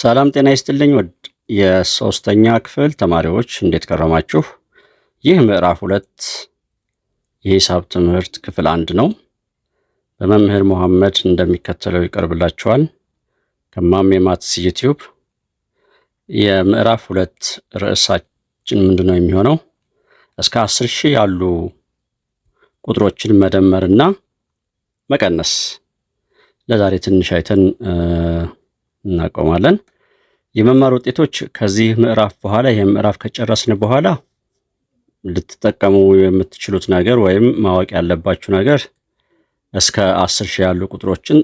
ሰላም ጤና ይስጥልኝ ወድ የሶስተኛ ክፍል ተማሪዎች እንዴት ከረማችሁ? ይህ ምዕራፍ ሁለት የሂሳብ ትምህርት ክፍል አንድ ነው። በመምህር መሐመድ እንደሚከተለው ይቀርብላችኋል። ከማም የማትስ ዩቲዩብ የምዕራፍ ሁለት ርዕሳችን ምንድን ነው የሚሆነው? እስከ አስር ሺህ ያሉ ቁጥሮችን መደመርና መቀነስ። ለዛሬ ትንሽ አይተን እናቆማለን። የመማር ውጤቶች ከዚህ ምዕራፍ በኋላ ይህ ምዕራፍ ከጨረስን በኋላ ልትጠቀሙ የምትችሉት ነገር ወይም ማወቅ ያለባችሁ ነገር እስከ አስር ሺህ ያሉ ቁጥሮችን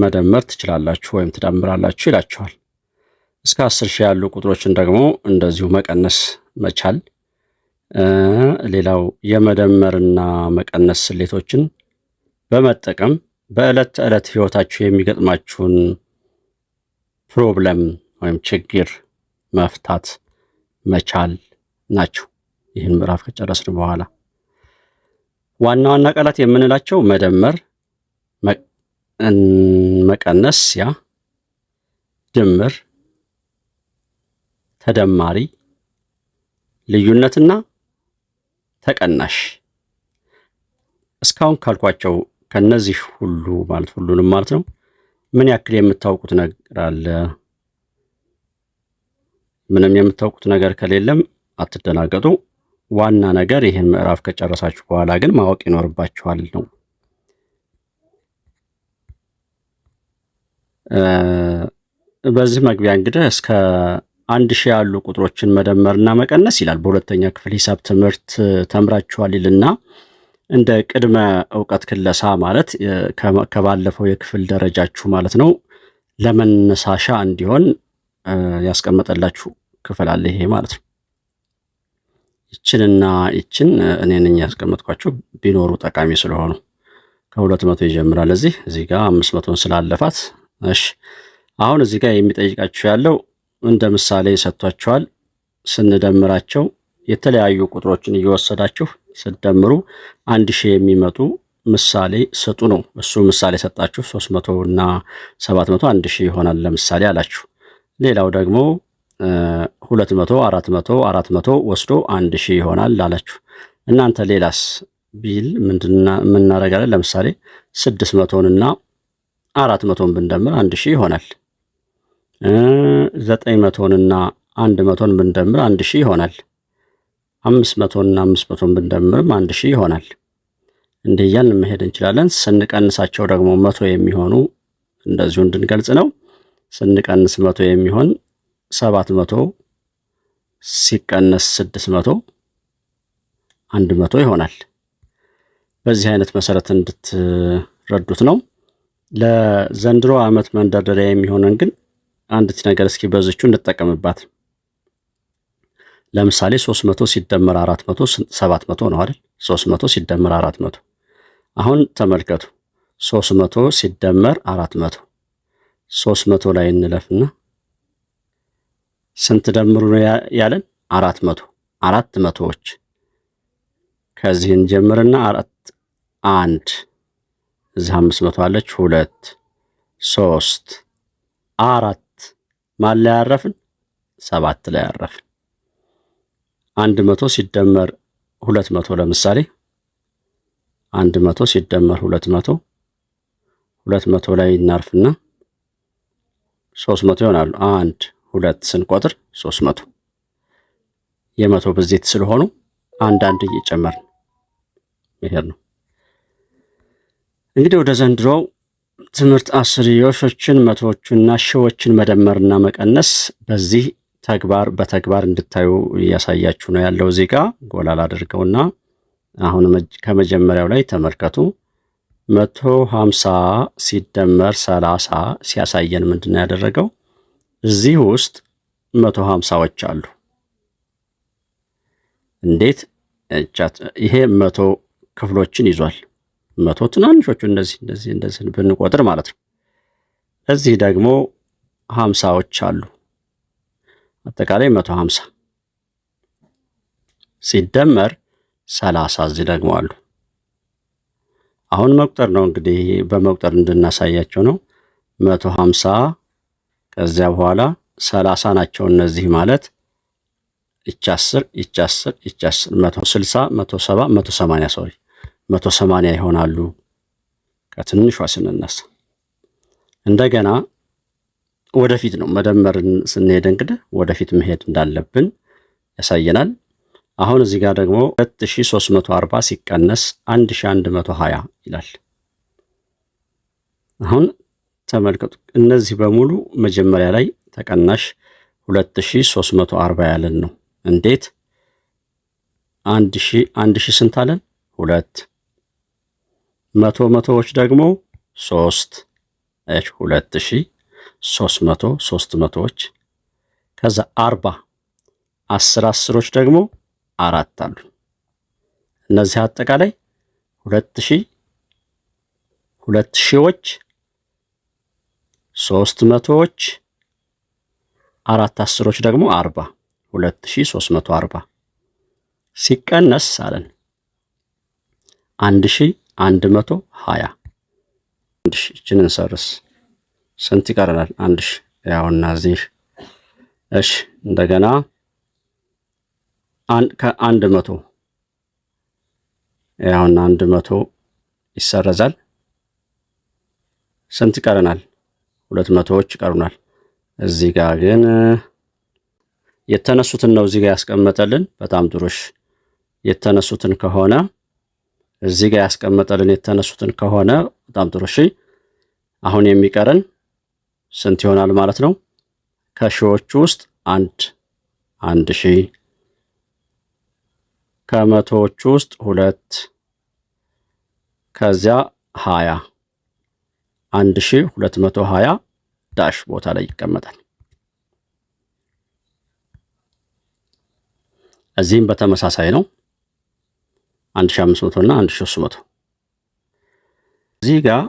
መደመር ትችላላችሁ ወይም ትዳምራላችሁ ይላችኋል። እስከ አስር ሺህ ያሉ ቁጥሮችን ደግሞ እንደዚሁ መቀነስ መቻል፣ ሌላው የመደመርና መቀነስ ስሌቶችን በመጠቀም በዕለት ተዕለት ህይወታችሁ የሚገጥማችሁን ፕሮብለም ወይም ችግር መፍታት መቻል ናቸው። ይህን ምዕራፍ ከጨረስን በኋላ ዋና ዋና ቃላት የምንላቸው መደመር፣ መቀነስ፣ ያ ድምር፣ ተደማሪ፣ ልዩነትና ተቀናሽ እስካሁን ካልኳቸው ከነዚህ ሁሉ ማለት ሁሉንም ማለት ነው ምን ያክል የምታውቁት ነገር አለ? ምንም የምታውቁት ነገር ከሌለም አትደናገጡ። ዋና ነገር ይህን ምዕራፍ ከጨረሳችሁ በኋላ ግን ማወቅ ይኖርባችኋል ነው። በዚህ መግቢያ እንግዲህ እስከ አንድ ሺህ ያሉ ቁጥሮችን መደመርና መቀነስ ይላል። በሁለተኛ ክፍል ሂሳብ ትምህርት ተምራችኋል ይልና እንደ ቅድመ እውቀት ክለሳ ማለት ከባለፈው የክፍል ደረጃችሁ ማለት ነው ለመነሳሻ እንዲሆን ያስቀመጠላችሁ ክፍል አለ። ይሄ ማለት ነው ይችንና ይችን እኔ ነኝ ያስቀመጥኳቸው ቢኖሩ ጠቃሚ ስለሆኑ ከሁለት መቶ ይጀምራል። እዚህ እዚህ ጋር አምስት መቶን ስላለፋት። እሺ አሁን እዚህ ጋር የሚጠይቃችሁ ያለው እንደ ምሳሌ ሰጥቷችኋል። ስንደምራቸው የተለያዩ ቁጥሮችን እየወሰዳችሁ ስትደምሩ አንድ ሺህ የሚመጡ ምሳሌ ስጡ ነው። እሱ ምሳሌ ሰጣችሁ ሶስት መቶ እና ሰባት መቶ አንድ ሺህ ይሆናል ለምሳሌ አላችሁ። ሌላው ደግሞ ሁለት መቶ አራት መቶ አራት መቶ ወስዶ አንድ ሺህ ይሆናል አላችሁ። እናንተ ሌላስ ቢል ምናረጋለን? ለምሳሌ ስድስት መቶንና አራት መቶን ብንደምር አንድ ሺህ ይሆናል። ዘጠኝ መቶንና አንድ መቶን ብንደምር አንድ ሺህ ይሆናል። አምስት መቶና አምስት መቶን ብንደምርም አንድ ሺህ ይሆናል። እንዲህ እያልን መሄድ እንችላለን። ስንቀንሳቸው ደግሞ መቶ የሚሆኑ እንደዚሁ እንድንገልጽ ነው። ስንቀንስ መቶ የሚሆን ሰባት መቶ ሲቀነስ ስድስት መቶ አንድ መቶ ይሆናል። በዚህ አይነት መሰረት እንድትረዱት ነው። ለዘንድሮ ዓመት መንደርደሪያ የሚሆነን ግን አንዲት ነገር እስኪ በዝቹ እንጠቀምባት። ለምሳሌ 300 ሲደመር 400 700 ነው አይደል? 300 ሲደመር 400። አሁን ተመልከቱ 300 ሲደመር 400 300 ላይ እንለፍና ስንት ደምሩ ነው ያለን? 400 አራት መቶዎች ከዚህን ጀምርና አራት አንድ እዚህ 500 አለች ሁለት ሶስት አራት ማን ላይ ያረፍን? ሰባት ላይ ያረፍን። አንድ መቶ ሲደመር ሁለት መቶ ለምሳሌ አንድ መቶ ሲደመር ሁለት መቶ ሁለት መቶ ላይ እናርፍና ሶስት መቶ ይሆናሉ። አንድ ሁለት ስንቆጥር ሶስት መቶ የመቶ ብዜት ስለሆኑ አንዳንድ እየጨመርን መሄድ ነው። እንግዲህ ወደ ዘንድሮው ትምህርት አስርዮሾችን መቶዎቹና ሺዎችን መደመርና መቀነስ በዚህ ተግባር በተግባር እንድታዩ እያሳያችሁ ነው ያለው። እዚህ ጋ አድርገው ላድርገውና አሁን ከመጀመሪያው ላይ ተመልከቱ። መቶ ሀምሳ ሲደመር ሰላሳ ሲያሳየን ምንድን ነው ያደረገው? እዚህ ውስጥ መቶ ሀምሳዎች አሉ። እንዴት ይሄ መቶ ክፍሎችን ይዟል። መቶ ትናንሾቹ እንደዚህ እንደዚህ እንደዚህ ብንቆጥር ማለት ነው። እዚህ ደግሞ ሀምሳዎች አሉ። አጠቃላይ 150 ሲደመር 30 እዚህ ደግሞ አሉ። አሁን መቁጠር ነው እንግዲህ በመቁጠር እንድናሳያቸው ነው። 150 ከዚያ በኋላ 30 ናቸው እነዚህ ማለት ይቺ 10 ይቺ 10 ይቺ 10 160 170 180 ሶሪ 180 ይሆናሉ ከትንሿ ስንነሳ እንደገና ወደፊት ነው መደመርን ስንሄድ እንግዲህ ወደፊት መሄድ እንዳለብን ያሳየናል። አሁን እዚህ ጋር ደግሞ 2340 ሲቀነስ 1120 ይላል። አሁን ተመልከቱ እነዚህ በሙሉ መጀመሪያ ላይ ተቀናሽ 2340 ያለን ነው። እንዴት አንድ ስንት አለን? ሁለት መቶ መቶዎች ደግሞ ሶስት ሁለት ሺህ ሶስት መቶ ሶስት መቶዎች ከዛ አርባ አስር አስሮች ደግሞ አራት አሉ። እነዚህ አጠቃላይ ሁለት ሺህ ሁለት ሺዎች ሶስት መቶዎች አራት አስሮች ደግሞ አርባ ሁለት ሺህ ሶስት መቶ አርባ ሲቀነስ አለን አንድ ሺህ አንድ መቶ ሀያ አንድ ሺህ እችን እንሰርስ ስንት ይቀረናል? አንድ ሺ ያውና እዚህ እሺ። እንደገና ከአንድ መቶ ያውና አንድ መቶ ይሰረዛል። ስንት ይቀረናል? ሁለት መቶዎች ይቀሩናል። እዚህ ጋር ግን የተነሱትን ነው እዚህ ጋር ያስቀመጠልን። በጣም ጥሩሽ የተነሱትን ከሆነ እዚህ ጋር ያስቀመጠልን የተነሱትን ከሆነ በጣም ጥሩ። እሺ አሁን የሚቀረን ስንት ይሆናል ማለት ነው? ከሺዎች ውስጥ አንድ አንድ ሺ ከመቶዎች ውስጥ ሁለት፣ ከዚያ ሀያ አንድ ሺህ ሁለት መቶ ሀያ ዳሽ ቦታ ላይ ይቀመጣል። እዚህም በተመሳሳይ ነው። 1500 እና 1300 እዚህ ጋር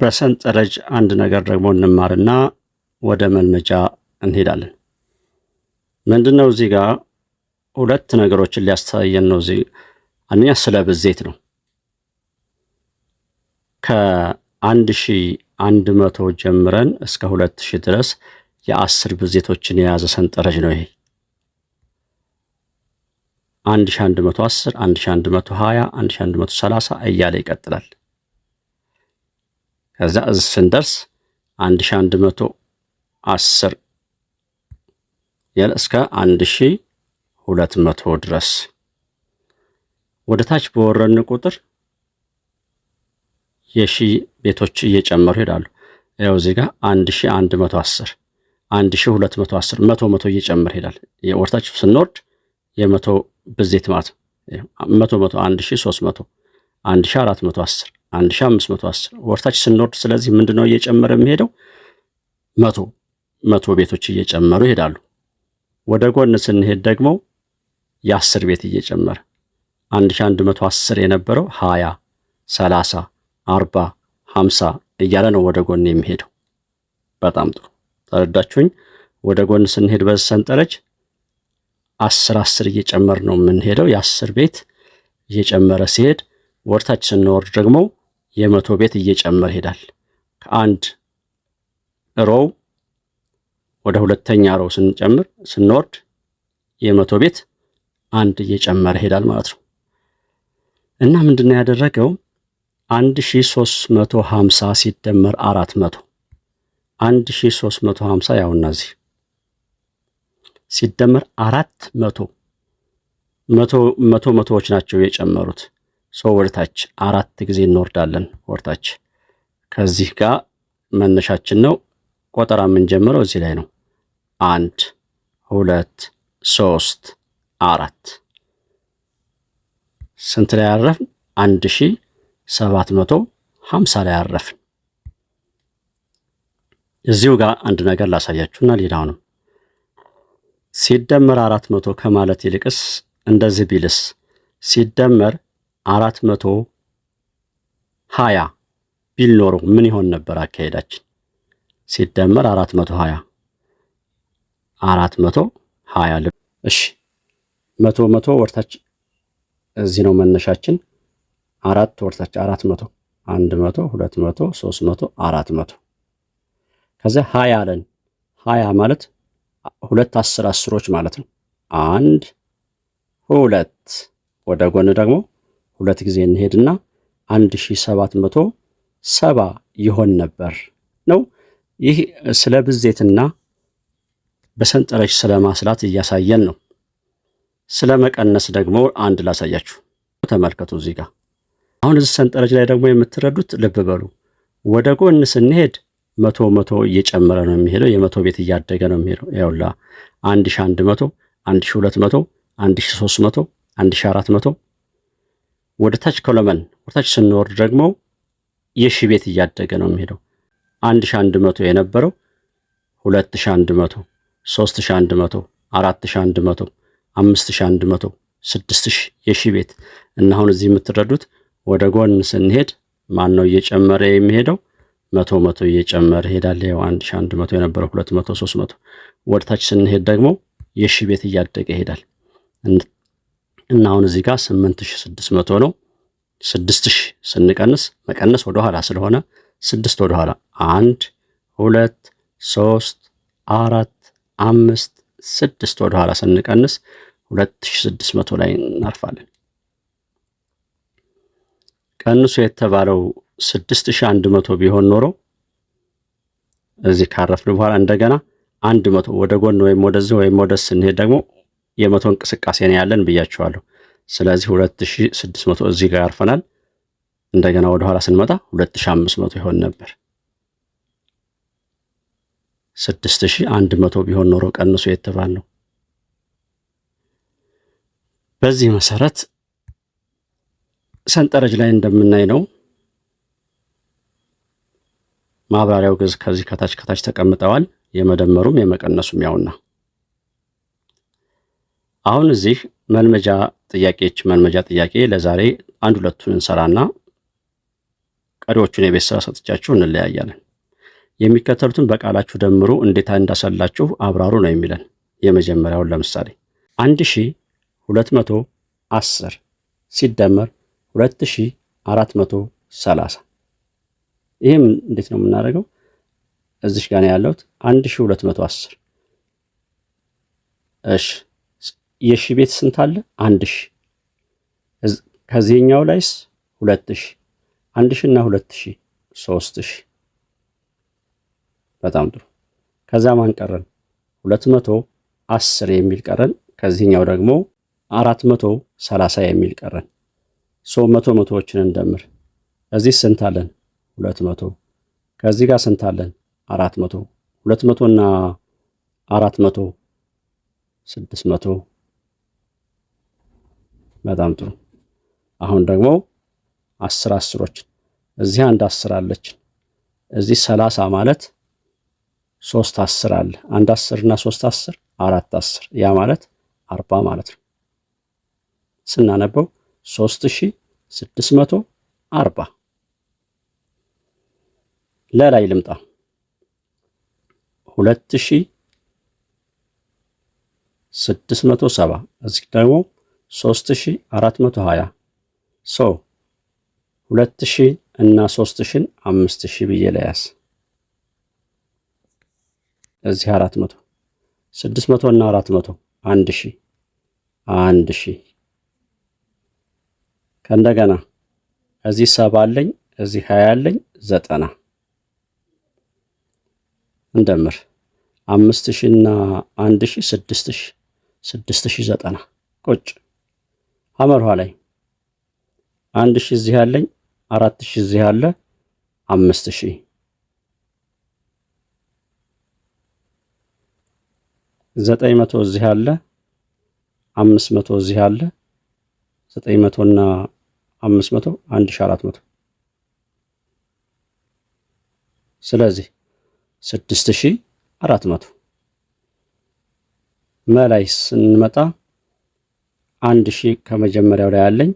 በሰንጠረዥ አንድ ነገር ደግሞ እንማርና ወደ መልመጃ እንሄዳለን። ምንድን ነው እዚህ ጋር ሁለት ነገሮችን ሊያስተያየን ነው። እዚህ አንደኛ ስለ ብዜት ነው። ከአንድ ሺ አንድ መቶ ጀምረን እስከ ሁለት ሺህ ድረስ የአስር ብዜቶችን የያዘ ሰንጠረዥ ነው ይሄ። አንድ ሺ አንድ መቶ አስር አንድ ሺ አንድ መቶ ሀያ አንድ ሺ አንድ መቶ ሰላሳ እያለ ይቀጥላል። ከዛ እዚህ ስንደርስ 1110 ያለ እስከ 1200 ድረስ ወደ ታች በወረን ቁጥር የሺ ቤቶች እየጨመሩ ይሄዳሉ። ያው እዚህ ጋር 1110 1210 መቶ መቶ እየጨመረ ይሄዳል። የወርታች ስንወርድ የመቶ ብዜት ማለት ነው። መቶ መቶ 1300 1410 1510 ወርታች ስንወርድ ስለዚህ ምንድነው እየጨመረ የሚሄደው? መቶ መቶ ቤቶች እየጨመሩ ይሄዳሉ። ወደ ጎን ስንሄድ ደግሞ የአስር ቤት እየጨመረ 1110 የነበረው 20 30 40 50 እያለ ነው ወደ ጎን የሚሄደው። በጣም ጥሩ ተረዳችሁኝ። ወደ ጎን ስንሄድ በዚህ ሰንጠረዥ አስር አስር እየጨመር ነው የምንሄደው። የአስር ቤት እየጨመረ ሲሄድ ወርታች ስንወርድ ደግሞ የመቶ ቤት እየጨመረ ይሄዳል። ከአንድ ሮው ወደ ሁለተኛ ሮው ስንጨምር ስንወርድ የመቶ ቤት አንድ እየጨመረ ይሄዳል ማለት ነው። እና ምንድን ነው ያደረገው? 1350 ሲደመር 400 1350 ያው እናዚህ ሲደመር 400 መቶ መቶዎች ናቸው የጨመሩት ሶ ወደታች አራት ጊዜ እንወርዳለን። ወደታች ከዚህ ጋር መነሻችን ነው። ቆጠራ የምንጀምረው እዚህ ላይ ነው። አንድ ሁለት ሶስት አራት ስንት ላይ አረፍን? አንድ ሺ ሰባት መቶ ሀምሳ ላይ አረፍን። እዚሁ ጋር አንድ ነገር ላሳያችሁና ነው። ሲደመር አራት መቶ ከማለት ይልቅስ እንደዚህ ቢልስ ሲደመር አራት መቶ ሀያ ቢል ኖሮ ምን ይሆን ነበር አካሄዳችን? ሲደመር አራት መቶ ሀያ አራት መቶ ሀያ እሺ፣ መቶ መቶ ወርታች እዚህ ነው መነሻችን። አራት ወርታች አራት መቶ አንድ መቶ ሁለት መቶ ሶስት መቶ አራት መቶ ከዚያ ሀያ አለን። ሀያ ማለት ሁለት አስር አስሮች ማለት ነው። አንድ ሁለት ወደ ጎን ደግሞ ሁለት ጊዜ እንሄድና 1770 ይሆን ነበር ነው። ይህ ስለ ብዜትና በሰንጠረዥ ስለ ማስላት እያሳየን ነው። ስለ መቀነስ ደግሞ አንድ ላሳያችሁ። ተመልከቱ እዚህ ጋር አሁን እዚህ ሰንጠረዥ ላይ ደግሞ የምትረዱት ልብ በሉ። ወደ ጎን ስንሄድ መቶ መቶ እየጨመረ ነው የሚሄደው። የመቶ ቤት እያደገ ነው የሚሄደው። ይኸውላ አንድ ሺ አራት መቶ ወደ ታች ኮሎመን ወደ ታች ስንወርድ ደግሞ የሺ ቤት እያደገ ነው የሚሄደው። 1100 የነበረው 2100፣ 3100፣ 4100፣ 5100፣ 6000 የሺ ቤት እና አሁን እዚህ የምትረዱት ወደ ጎን ስንሄድ ማን ነው እየጨመረ የሚሄደው? መቶ መቶ እየጨመረ ይሄዳል። ያው 1100 የነበረው 200፣ 300 ወደ ታች ስንሄድ ደግሞ የሺ ቤት እያደገ ይሄዳል። እና አሁን እዚህ ጋር 8600 ነው። 6000 ስንቀንስ መቀነስ ወደኋላ ስለሆነ ስድስት ወደኋላ አንድ ሁለት ሶስት አራት አምስት ስድስት ወደኋላ ስንቀንስ 2600 ላይ እናርፋለን። ቀንሱ የተባለው 6100 ቢሆን ኖሮ እዚህ ካረፍን በኋላ እንደገና አንድ መቶ ወደ ጎን ወይም ወደዚህ ወይም ወደስ ስንሄድ ደግሞ የመቶ እንቅስቃሴ ነው ያለን ብያችኋለሁ። ስለዚህ 2600 እዚህ ጋር ያርፈናል። እንደገና ወደ ኋላ ስንመጣ 2500 ይሆን ነበር። 6100 ቢሆን ኖሮ ቀንሶ ነው። በዚህ መሰረት ሰንጠረጅ ላይ እንደምናይ ነው። ማብራሪያው ግዝ ከዚህ ከታች ከታች ተቀምጠዋል። የመደመሩም የመቀነሱም ያውና አሁን እዚህ መልመጃ ጥያቄች መልመጃ ጥያቄ ለዛሬ አንድ ሁለቱን እንሰራና ቀሪዎቹን የቤት ስራ ሰጥቻችሁ እንለያያለን። የሚከተሉትን በቃላችሁ ደምሩ እንዴት እንዳሰላችሁ አብራሩ ነው የሚለን። የመጀመሪያውን ለምሳሌ አንድ ሺ ሁለት መቶ አስር ሲደመር ሁለት ሺ አራት መቶ ሰላሳ ይህም እንዴት ነው የምናደርገው? እዚሽ ጋር ያለሁት አንድ ሺ ሁለት መቶ አስር እሺ የሺ ቤት ስንት አለ? አንድ ሺ። ከዚህኛው ላይስ ሁለት ሺ፣ አንድ ሺ እና ሁለት ሺ ሶስት ሺ። በጣም ጥሩ። ከዛ ማን ቀረን? ሁለት መቶ አስር የሚል ቀረን። ከዚህኛው ደግሞ አራት መቶ ሰላሳ የሚል ቀረን። ሶ መቶ መቶዎችን እንደምር። እዚህ ስንት አለን? ሁለት መቶ ከዚህ ጋር ስንት አለን? አራት መቶ ሁለት መቶ እና አራት መቶ ስድስት መቶ በጣም ጥሩ። አሁን ደግሞ አስር አስሮችን እዚህ አንድ አስር አለችን። እዚህ ሰላሳ ማለት ሶስት አስር አለ። አንድ አስር እና ሶስት አስር አራት አስር ያ ማለት አርባ ማለት ነው። ስናነበው ሶስት ሺ ስድስት መቶ አርባ ለላይ ልምጣ ሁለት ሺ ስድስት መቶ ሰባ እዚህ ደግሞ 3420 ሶ 2000 እና 3000ን 5000 ብዬ ለያስ እዚህ 400 600 እና 400 1000 1000 ከእንደገና እዚህ 70 አለኝ እዚህ 20 አለኝ 90 እንደምር 5000 እና 1000 6000 6090 ቁጭ ሐመርኋ ላይ አንድ ሺህ እዚህ አለኝ፣ አራት ሺህ እዚህ አለ፣ አምስት ሺህ ዘጠኝ መቶ እዚህ አለ፣ አምስት መቶ እዚህ አለ፣ ዘጠኝ መቶ እና አምስት መቶ አንድ ሺህ አራት መቶ ስለዚህ ስድስት ሺህ አራት መቶ መላይ ስንመጣ አንድ ሺ ከመጀመሪያው ላይ አለኝ።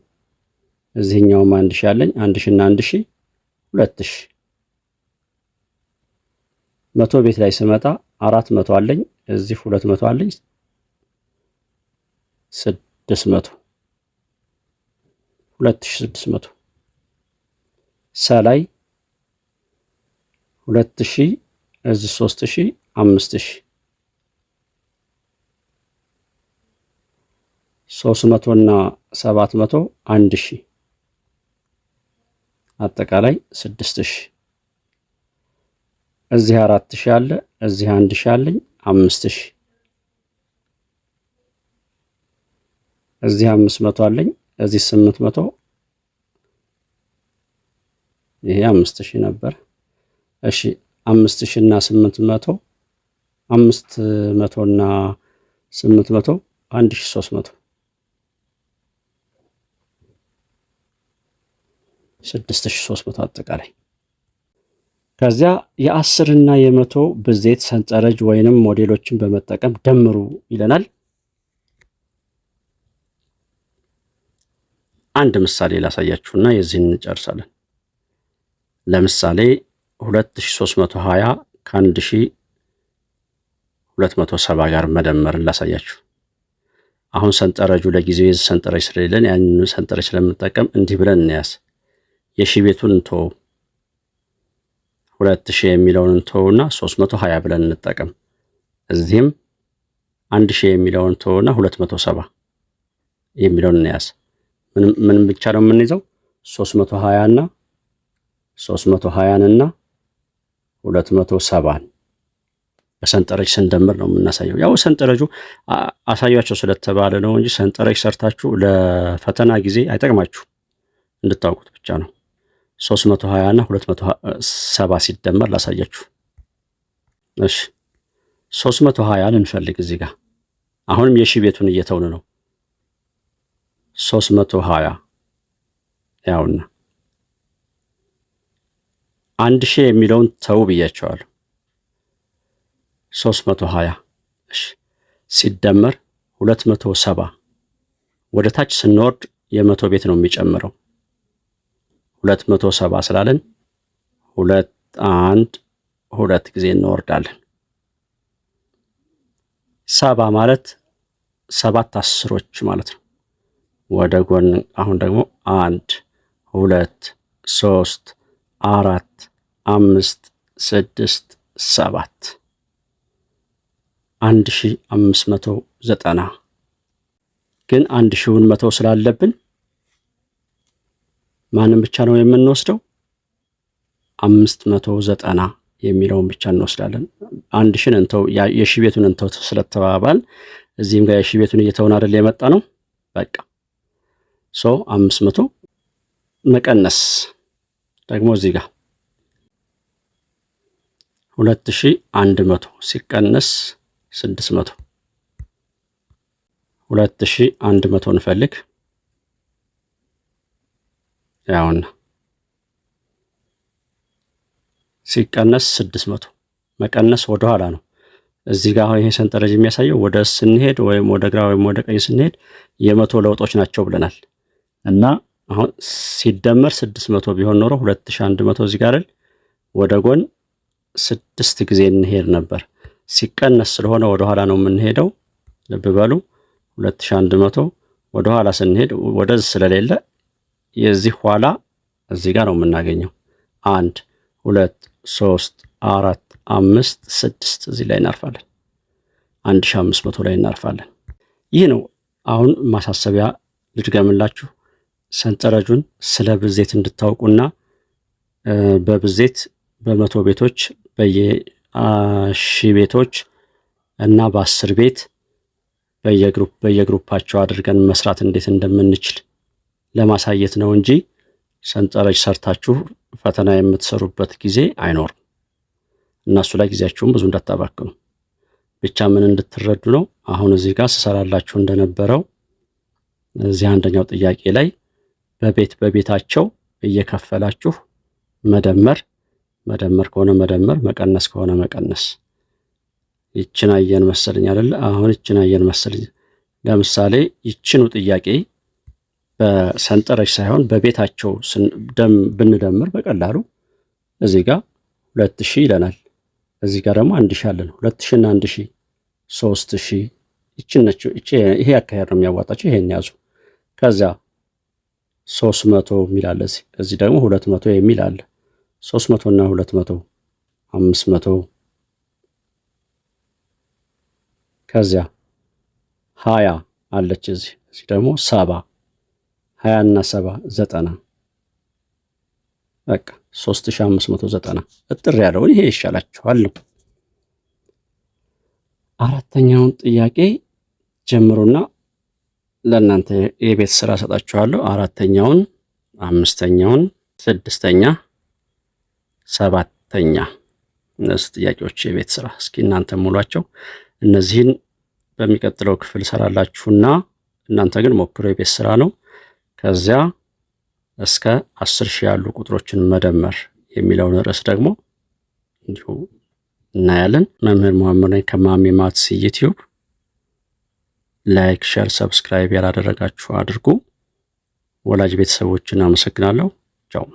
እዚህኛውም አንድ ሺ አለኝ። አንድ ሺ እና አንድ ሺ ሁለት ሺ መቶ ቤት ላይ ስመጣ አራት መቶ አለኝ። እዚህ ሁለት መቶ አለኝ። ስድስት መቶ ሁለት ሺ ስድስት መቶ ሰላይ ሁለት ሺ እዚህ ሶስት ሺ አምስት ሺ ሶስት መቶ እና ሰባት መቶ አንድ ሺ አጠቃላይ ስድስት ሺ እዚህ አራት ሺ አለ እዚህ አንድ ሺ አለኝ አምስት ሺ እዚህ አምስት መቶ አለኝ እዚህ ስምንት መቶ ይሄ አምስት ሺ ነበር። እሺ አምስት ሺ እና ስምንት መቶ አምስት መቶ እና ስምንት መቶ አንድ ሺ ሶስት መቶ 6300 አጠቃላይ። ከዚያ የአስርና የመቶ ብዜት ሰንጠረዥ ወይንም ሞዴሎችን በመጠቀም ደምሩ ይለናል። አንድ ምሳሌ ላሳያችሁና የዚህን እንጨርሳለን። ለምሳሌ 2320 ከ1270 ጋር መደመርን ላሳያችሁ። አሁን ሰንጠረጁ ለጊዜው የዚህ ሰንጠረጅ ስለሌለን ያንን ሰንጠረጅ ስለምንጠቀም እንዲህ ብለን እንያዝ። የሺ ቤቱን እንተወው ሁለት ሺህ የሚለውን እንተወውና ሶስት መቶ ሀያ ብለን እንጠቀም። እዚህም አንድ ሺህ የሚለውን እንተወውና ሁለት መቶ ሰባ የሚለውን እንያዝ። ምንም ብቻ ነው የምንይዘው ሶስት መቶ ሀያና ሶስት መቶ ሀያንና ሁለት መቶ ሰባን በሰንጠረዥ ስንደምር ነው የምናሳየው። ያው ሰንጠረጁ አሳያቸው ስለተባለ ነው እንጂ ሰንጠረዥ ሰርታችሁ ለፈተና ጊዜ አይጠቅማችሁ እንድታውቁት ብቻ ነው። 320 እና 270 ሲደመር ላሳያችሁ። እሺ 320 ልንፈልግ እዚህ ጋር አሁንም የሺ ቤቱን እየተውን ነው። 320 ያውና አንድ ሺህ የሚለውን ተው ብያቸዋለሁ። 320 እሺ ሲደመር 270 ወደ ታች ስንወርድ የመቶ ቤት ነው የሚጨምረው ሁለት መቶ ሰባ ስላለን ሁለት አንድ ሁለት ጊዜ እንወርዳለን። ሰባ ማለት ሰባት አስሮች ማለት ነው። ወደ ጎን አሁን ደግሞ አንድ ሁለት ሶስት አራት አምስት ስድስት ሰባት አንድ ሺ አምስት መቶ ዘጠና ግን አንድ ሺውን መቶ ስላለብን ማንም ብቻ ነው የምንወስደው አምስት መቶ ዘጠና የሚለውን ብቻ እንወስዳለን። አንድ ሽን እንተው የሺ ቤቱን እንተው ስለተባባል እዚህም ጋር የሺ ቤቱን እየተውን አይደል የመጣ ነው። በቃ ሶ አምስት መቶ መቀነስ ደግሞ እዚህ ጋር ሁለት ሺ አንድ መቶ ሲቀነስ ስድስት መቶ ሁለት ሺ አንድ መቶ እንፈልግ ያውና ሲቀነስ ስድስት መቶ መቀነስ ወደኋላ ነው። እዚህ ጋር አሁን ይሄ ሰንጠረዥ የሚያሳየው ወደ ስንሄድ ወይም ወደ ግራ ወይም ወደ ቀኝ ስንሄድ የመቶ ለውጦች ናቸው ብለናል እና አሁን ሲደመር ስድስት መቶ ቢሆን ኖሮ ሁለት ሺ አንድ መቶ እዚህ ጋር ወደ ጎን ስድስት ጊዜ እንሄድ ነበር። ሲቀነስ ስለሆነ ወደኋላ ነው የምንሄደው። ልብ በሉ ሁለት ሺ አንድ መቶ ወደኋላ ስንሄድ ወደዚህ ስለሌለ የዚህ ኋላ እዚህ ጋር ነው የምናገኘው። አንድ ሁለት ሶስት አራት አምስት ስድስት እዚህ ላይ እናርፋለን። አንድ ሺህ አምስት መቶ ላይ እናርፋለን። ይህ ነው አሁን ማሳሰቢያ ልድገምላችሁ። ሰንጠረጁን ስለ ብዜት እንድታውቁና በብዜት በመቶ ቤቶች በየሺ ቤቶች እና በአስር ቤት በየግሩፕ በየግሩፓቸው አድርገን መስራት እንዴት እንደምንችል ለማሳየት ነው እንጂ ሰንጠረዥ ሰርታችሁ ፈተና የምትሰሩበት ጊዜ አይኖርም እነሱ ላይ ጊዜያችሁም ብዙ እንዳታባክኑ ብቻ ምን እንድትረዱ ነው። አሁን እዚህ ጋር ስሰራላችሁ እንደነበረው እዚህ አንደኛው ጥያቄ ላይ በቤት በቤታቸው እየከፈላችሁ መደመር መደመር ከሆነ መደመር መቀነስ ከሆነ መቀነስ ይችን አየን መሰለኝ አይደለ? አሁን ይችን አየን መሰለኝ። ለምሳሌ ይችኑ ጥያቄ በሰንጠረዥ ሳይሆን በቤታቸው ብንደምር በቀላሉ እዚህ ጋር ሁለት ሺህ ይለናል። እዚህ ጋር ደግሞ አንድ ሺህ አለን። ሁለት ሺህ እና አንድ ሺህ ሶስት ሺህ ይችነችው ይሄ አካሄድ ነው የሚያዋጣቸው። ይሄን ያዙ። ከዚያ ሶስት መቶ የሚል አለ። እዚህ ደግሞ ሁለት መቶ የሚል አለ። ሶስት መቶ እና ሁለት መቶ አምስት መቶ ከዚያ ሀያ አለች። እዚህ እዚህ ደግሞ ሰባ ሀያና ሰባ ዘጠና በቃ ሶስት እጥር ያለውን ይሄ ይሻላችኋል። አራተኛውን ጥያቄ ጀምሩና ለእናንተ የቤት ስራ ሰጣችኋለሁ። አራተኛውን፣ አምስተኛውን፣ ስድስተኛ፣ ሰባተኛ እነዚህ ጥያቄዎች የቤት ስራ እስኪ እናንተ ሙሏቸው። እነዚህን በሚቀጥለው ክፍል ሰራላችሁና እናንተ ግን ሞክሮ የቤት ስራ ነው። ከዚያ እስከ አስር ሺህ ያሉ ቁጥሮችን መደመር የሚለውን ርዕስ ደግሞ እንዲሁ እናያለን። መምህር መሐመድ ነኝ ከማሜ ማትስ ዩቲዩብ። ላይክ፣ ሸር፣ ሰብስክራይብ ያላደረጋችሁ አድርጉ። ወላጅ ቤተሰቦችን አመሰግናለሁ። ቻው